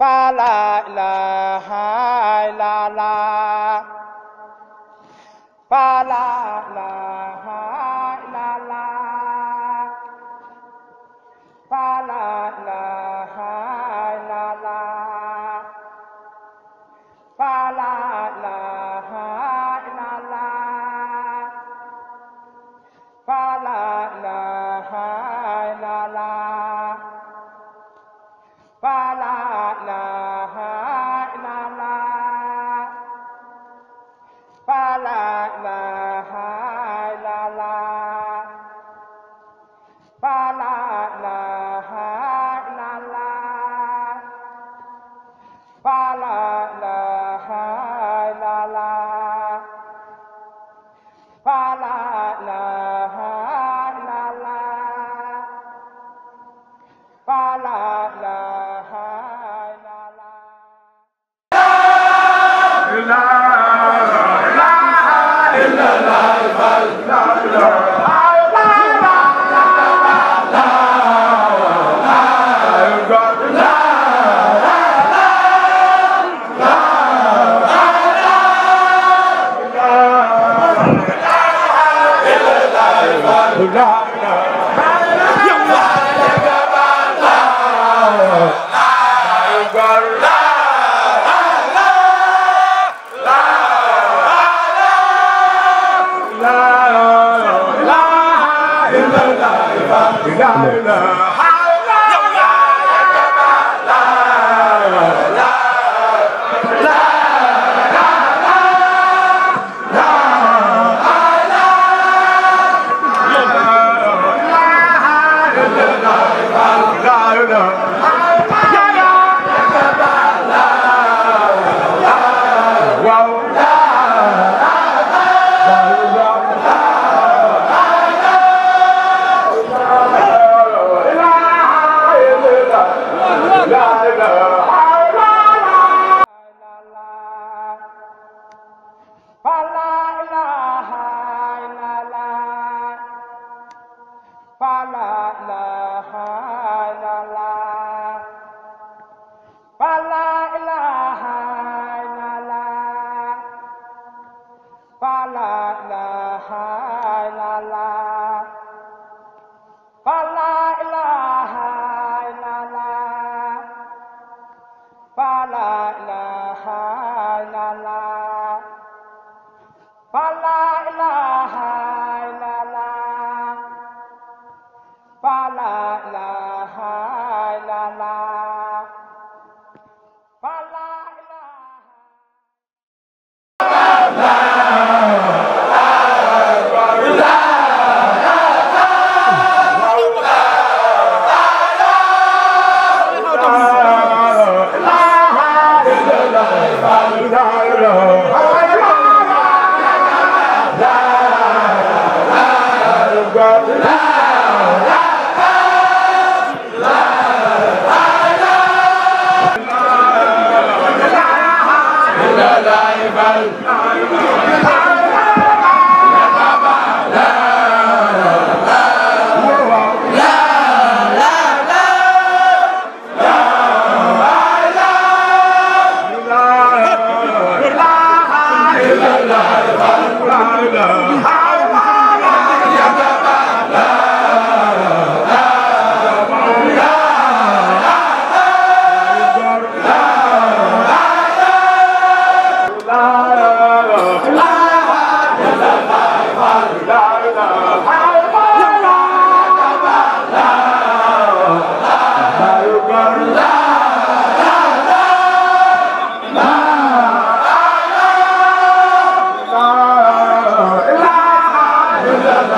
فلا إله إلا 发啦。la Allah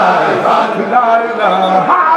la la la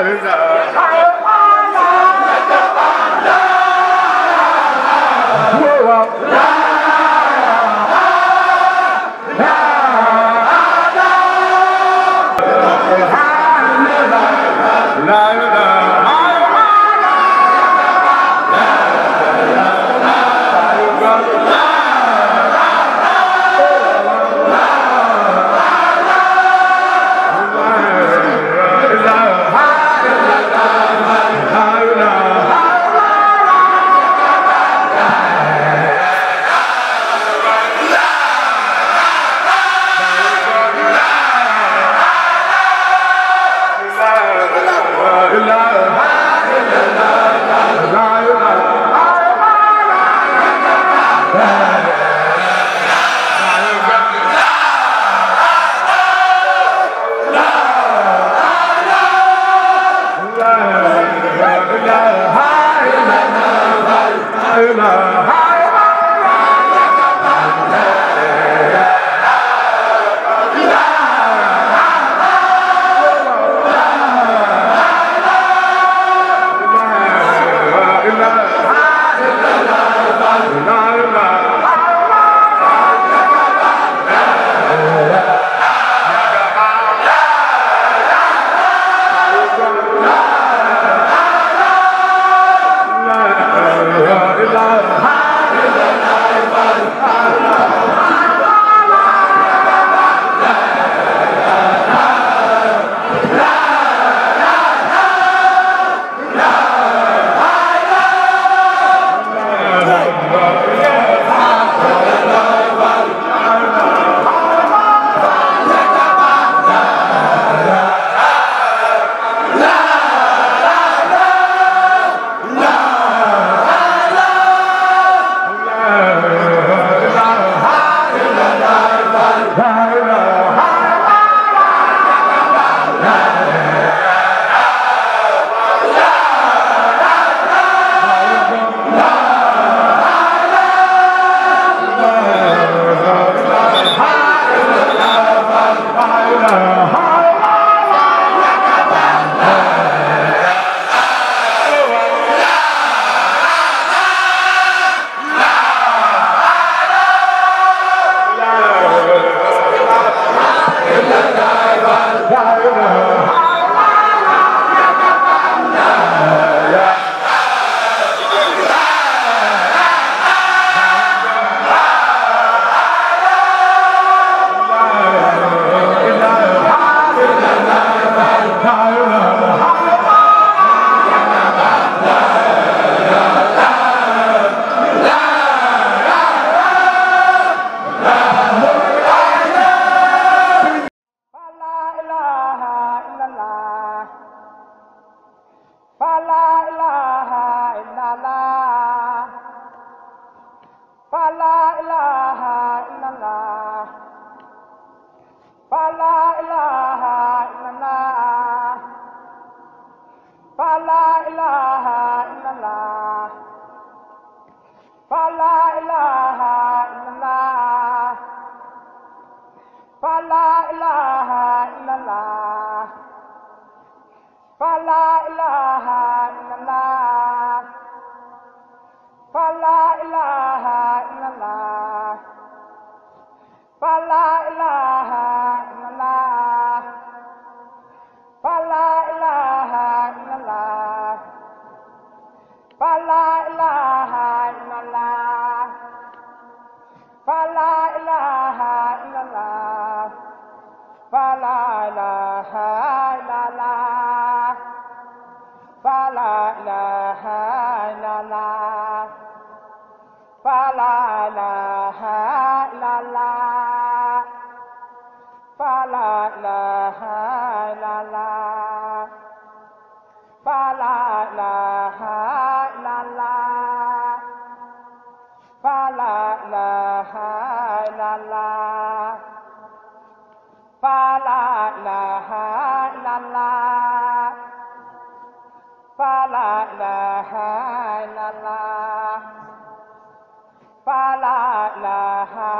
Brother, la ilaha illallah ilaha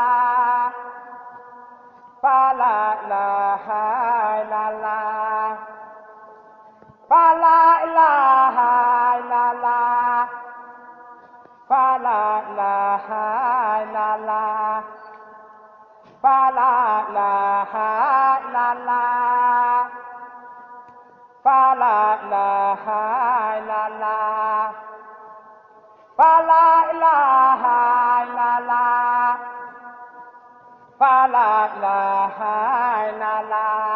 fa la ilaha illallah